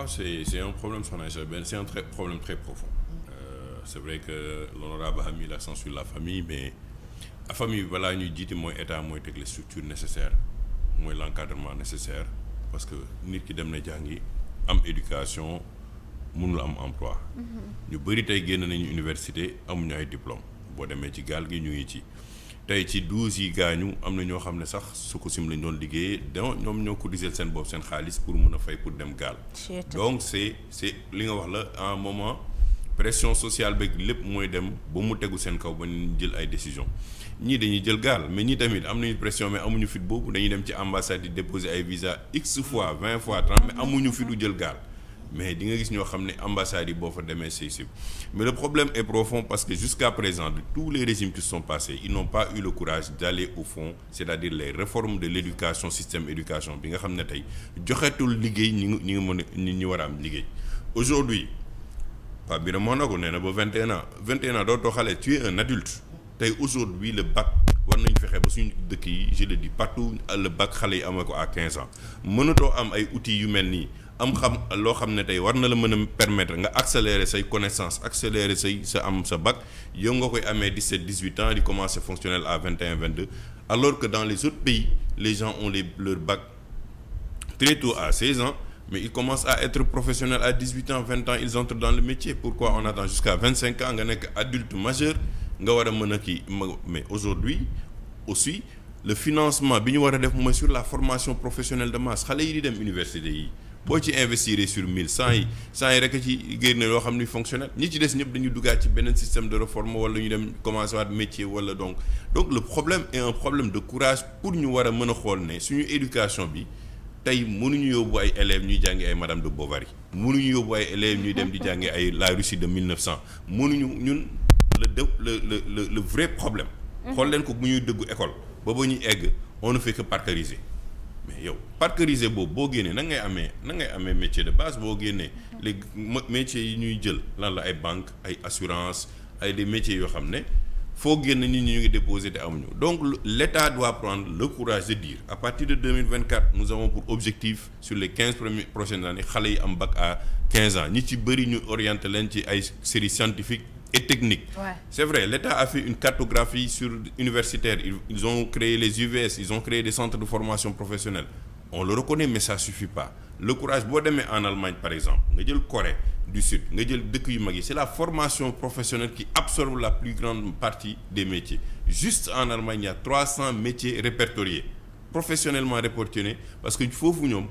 waaw c'est c'est un problème soxna Aïcha benn c'est un très problème très profond euh, c'est vrai que l'honorable a mis l'accent sur la famille mais la famille balaa ñuy jiite mooy état mooy teg les structures nécessaires mooy l'encadrement nécessaire parce que nit ki dem na jàngi am éducation mënul am emploi mhm. ñu bëri tey génn nañu université amuñu ay diplôme boo demee ci gaal gi ñu ngi ci tey ci douze yi gaañu am na ñoo xam ne sax su ko sim lañ doon liggéeyee donc ñoom ñoo ko cotisé seen bopp seen xaalis pour mun a fay pour dem gaal. donc c' est c' li nga wax la un moment pression sociale beeg lépp mooy dem ba mu tegu seen kaw ba ñu jël ay décision ñii dañuy jël gaal mais ñii tamit am nañu pression mais amuñu fit boobu dañu dem ci ambassade di déposer ay visa x fois vingt fois trente mais amuñu fitu jël gaal. mais di nga gis ñoo xam ne ambassades yi boo fa demee c'est mais le problème est profond parce que jusqu'à présent de tous les régimes qui sont passés ils n'ont pas eu le courage d'aller au fond c'est-à-dire les réformes de l'éducation système éducation bi nga xam ne tey joxetul liggéey ñi ñi nga mën a ni ñu war a am liggéey aujourd'hui pa bi moo na ko nee na ba 21 ans 21 ans dootoo xale tu es un adulte tey aujourd'hui le bac war nañ fexe ba suñu dëkk yi je le dis partout le bac xale yi amee ko à 15 ans mënatoo am ay outils yu mel nii am xam loo xam ne tey war na la mën a permettre nga accélérer say connaissance accélérer say sa am sa bac yow nga koy amee dix-sept dix-huit ans di commencer fonctionnel à vingt et un vingt-deux alors que dans les autres pays les gens ont les leur bac très à seize ans mais ils commencent à être professionnels à dix-huit ans vingt ans ils entrent dans le métier pourquoi on attend jusqu'à vingt-cinq ans nga nekk adulte majeur nga war a mën a kii mais aujourd'hui aussi le financement bi ñu war a def mooy sur la formation professionnelle de masse xale yi di dem université yi boo ci investir sur mille cent yi cent yi rek a ci génne loo xam ni fonctionnel ñi ci des ñëpp dañu duggaat ci beneen système de réforme wala ñu dem commencé waat métier wala donc donc le problème est un problème de courage pour ñu war a mën a xool ne suñu éducation bi tey mënuñu yóbbu ay élèves ñuy jàngi ay Madame de Bovary mënuñu yóbbu ay élèves ñuy dem di jàngi ay la Russie de mille neuf cent mënuñu ñun le de le le le vrai problème mm-hmm. xool leen ko bu ñuy dëggu école ba ba egg on ne fait que parcariser mais yow parkeriser boobu boo génnee nan ngay amee nan ngay amee métier de base boo génnee léegi métiers yi ñuy jël lan la ay banque ay assurance ay des métiers yoo xam ne foo génn nit ñi ñu ngi déposé te amuñu donc l'État doit prendre le courage de dire à partir de 2024 nous avons pour objectif sur les quinze premières naa années xale yi am bac à quinze ans ñi ci bëri ñu orienté leen ci ay série scientifique et technique. Ouais. C'est vrai, l'État a fait une cartographie sur universitaire. Ils, ont créé les UVS, ils ont créé des centres de formation professionnelle. On le reconnaît, mais ça suffit pas. Le courage boo demee en Allemagne par exemple nga jël Corée du Sud nga jël dëkk yu mag yi c'est la formation professionnelle qui absorbe la plus grande partie des métiers. Juste en Allemagne il y a 300 métiers répertoriés professionnellement répertoriés parce que foofu ñoom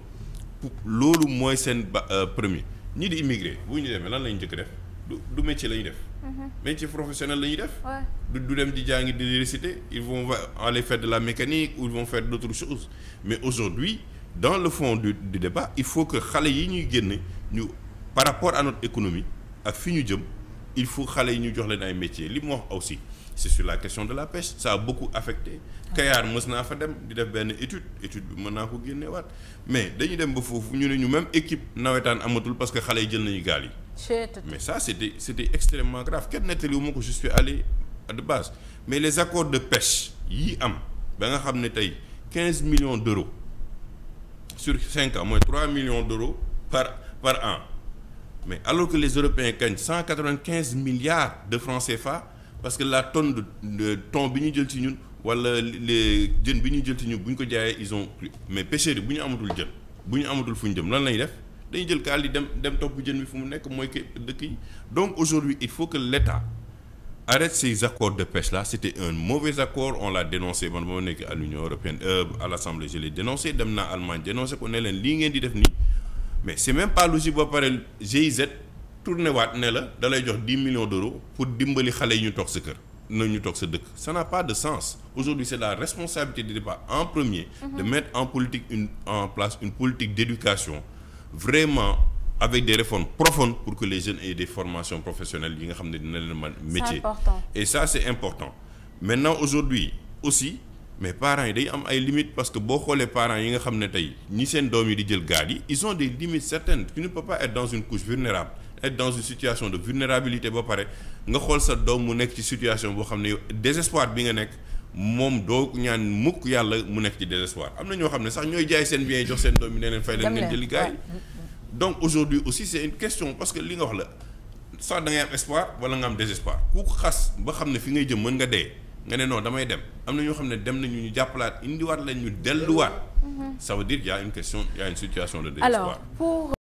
loolu mooy seen ba euh, premier ñi di immigré bu ñu demee lan lañu njëkk def du du métier lañu def. Mm-hmm. métier professionnel la ñuy def. du dem di jàngi di réciter ils vont aller faire de la mécanique ou ils vont faire d' autres choses mais aujourd'hui dans le fond du du débat il faut que xale yi ñuy génne ñu par rapport à notre économie ak fi ñu jëm. il faut xale yi ñu jox leen ay métiers li mu wax aussi c'est sur la question de la pêche ça a beaucoup affecté Kayar mës naa fa dem di def benn étude étude bi mën naa ko génneewaat mais dañuy dem ba foofu ñu ne ñu même équipe nawetaan amatul parce que xale yi jël nañu gaal yi mais ça c'était c'était extrêmement grave kenn nettali wu ma ko je suis allé de base mais les accords de pêche yi am ba nga xam ne tey quinze millions d'euros sur cinq ans mooy trois millions mais alors que les Européens gagnent cent quatre-vingt-quinze milliards de francs fa parce que la tonne de, de bi ñu jël ci ñun wala les jën bi ñu jël ci ñun bu ñu ko jaayee ils ont mais pêcheurs bu ñu amatul jën bu ñu amatul fu ñu jëm lan lañuy def dañu jël gaal yi dem dem topp jën bi fu mu nekk mooy dëkk yi donc aujourd'hui il faut que l'État arrête ces accords de pêche là c'était un mauvais accord on l'a dénoncé man ba ma nekk à l'Union européenne euh, à l'Assemblée dem naa Allemagne dénoncé ko leen lii ngeen di def nii mais c'est même pas logique ba pare GIZ tourné waat ne la da jox dix millions d'euros pour dimbali xale yi ñu toog sa kër na ñu toog sa dëkk ça n'a pas de sens aujourd'hui c'est la responsabilité du départ en premier mhm. de mettre en politique une en place une politique d'éducation vraiment avec des réformes profondes pour que les jeunes aient des formations professionnelles yi nga xam ne dina leen man métier et ça c'est important maintenant aujourd'hui aussi mais parents yi day am ay limites parce que boo xoolee parents yi nga xam ne tey ñi seen doom yi di jël gaal yi ils ont des limites certaines tu ne peux pas être dans une couche vulnérable être dans une situation de vulnérabilité ba pare nga xool sa doom mu nekk ci situation boo xam ne désespoir bi nga nekk moom doo ñaan mukk yàlla mu nekk ci désespoir am na ñoo xam ne sax ñooy jaay seen bien jox seen doom yi ne leen fay leen ngeen jëli gaal yi donc parce que li nga wax la soit da ngay nga am désespoir ku xas ba xam ne fi ngay jëm mën nga dee nga ne non damay dem am na ñoo xam ne dem nañu ñu jàppalaat indiwaat lañ ñu delluwaat. Mm-hmm. ça veut dire une question y' une situation la désespoir. Alors,